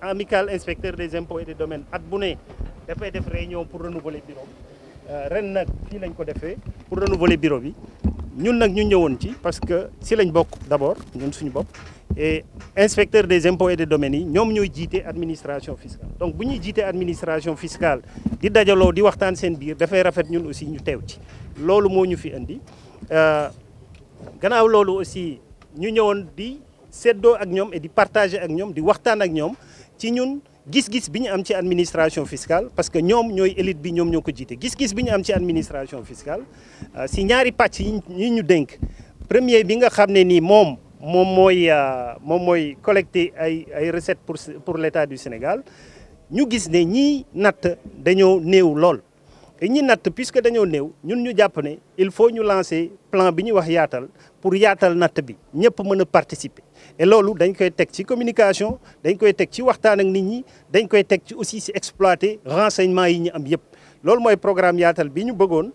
Amical inspecteur des impôts et des domaines at bu ne def réunion pour renouveler bureau euh ren nak fi lañ ko défé pour renouveler bureau bi ñun nak ñu ñëwoon ci parce que si lañ bokk d'abord ñun suñu bop et inspecteur des impôts et des domaines ñom ñoy jité administration fiscale donc bu ñuy jité administration fiscale di dajalo di waxtaan seen biir dafay rafet ñun aussi ñu tew ci lolu moo ñu fi euh gannaaw lolu aussi ñu ñëwoon di seddo ak et di partager ak ñom di administration fiscale parce que nous ñoy élite bi ñom ñoko jité gis-gis administration fiscale euh, si ñaari patch ñu premier bi nga euh, collecter recettes pour l'État du Sénégal ñu gis ne ñi nous dañoo ñi natt puisque dañoo néew ñun ñu jàpp ne il faut ñu lancer plan bi wax yaatal pour yaatal natt bi ñëpp mën participer et loolu dañ koy teg ci communication dañ koy teg ci waxtaan ak nit ñi dañ koy teg ci aussi ci exploiter renseignement yi ñu am yëpp loolu mooy programme yaatal bi ñu bëggoon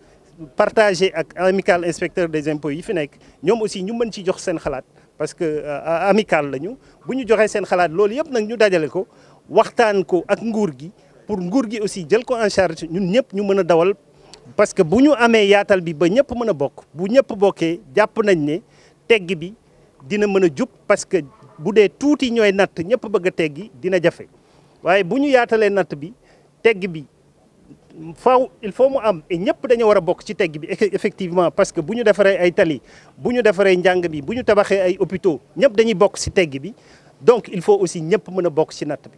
partager ak amical inspecteur des impôts yi fi nekk ñoom aussi ñu mën ci jox seen xalaat parce que amical lañu bu ñu joxé seen xalaat loolu yépp nak ñu dajalé ko waxtaan ko ak nguur gi pour ngourgui aussi djel ko en charge ñun ñëpp ñu mëna dawal parce que buñu amé yaatal bi ba ñëpp mëna bok bu ñëpp boké japp nañ ne tégg bi dina mëna a parce que bu touti ñoy nat natt bëgg a teggi dina jafé waaye buñu yaatalé nat bi tégg bi faaw il faut mu am et ñëpp dañu wara bok ci tégg bi effectivement parce que buñu défaré ay tali buñu défaré njang bi buñu tabaxé ay hôpitaux ñëpp dañuy bok ci tégg bi donc il faut aussi ñëpp mëna bok ci nat bi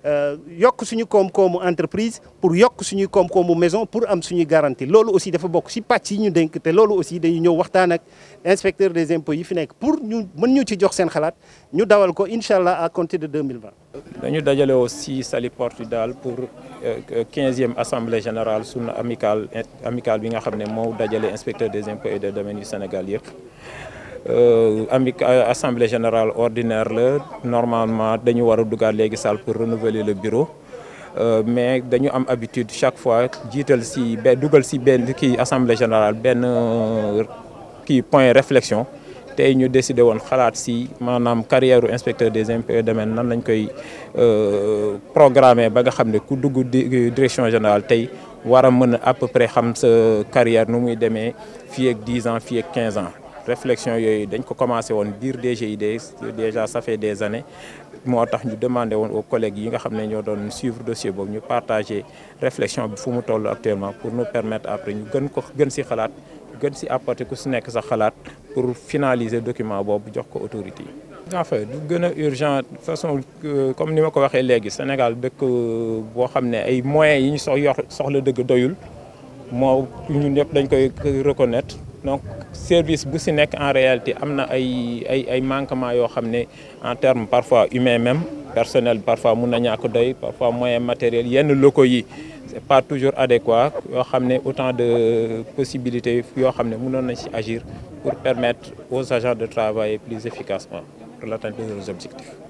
Euh, yok suñu kom komu entreprise pour yok suñu kom komu maison pour am suñu garantie lolu aussi dafa bok ci patch yi ñu denk té lolu aussi dañu ñëw waxtaan ak inspecteur des impôts yi fi nek pour ñu mën ñu ci jox seen xalaat ñu dawal ko inshallah à compter de 2020. dañu dajalé aussi porte Portudal pour 15e euh, assemblée générale sun amicale amicale bi nga xamné mo dajalé inspecteur des impôts et de domaine du Sénégal yépp l'assemblée euh, euh, générale ordinaire normalement dañu war a dugaat salle pour renouveler le bureau euh, mais nous avons l'habitude, chaque fois d'aller si benn dugal si benn kii assemblée générale qui kii point réflexion Nous ñu décidons faire des si carrière inspecteur des impôts et avons nan lañ programmer ba direction générale Nous avons à peu près sa carrière nu 10 ans 15 ans réflexion yooyu dañ ko commencé woon biir DGID déjà ça fait des années moo tax ñu demandé won aux collègues yi nga xamné ñoo doon suivre dossier boobu ñu partager réflexion bi fu mu toll actuellement pour nous permettre après ñu gën ko gën ci xalaat gën ci apporter ku ci nekk sa xalaat pour finaliser document boobu jox ko autorité yi. en fait du gëna a urgent de façon euh, comme ni ma ko waxé légui Sénégal dëkk euh, bo xamné ay moyens yi ñu sox soxla dëgg doyul mo ñun ñëpp dañ koy reconnaître donc le service bu en réalité il ay en termes parfois humains même personnel parfois moyens matériels. doy parfois moyen matériel yenn locaux yi c'est pas toujours adéquat Il y a autant de possibilités il y agir pour permettre aux agents de travailler plus efficacement pour l'atteinte de leurs objectifs